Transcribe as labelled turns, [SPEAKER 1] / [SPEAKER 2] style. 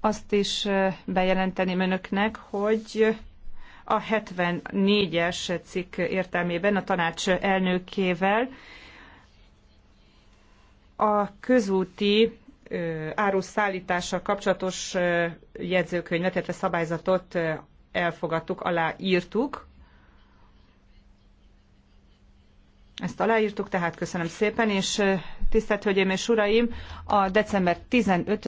[SPEAKER 1] Azt is bejelenteném önöknek, hogy a 74-es cikk értelmében a tanács elnökével a közúti áruszállítással kapcsolatos jegyzőkönyvet, illetve szabályzatot elfogadtuk, aláírtuk. Ezt aláírtuk, tehát köszönöm szépen, és tisztelt Hölgyeim és Uraim, a december
[SPEAKER 2] 15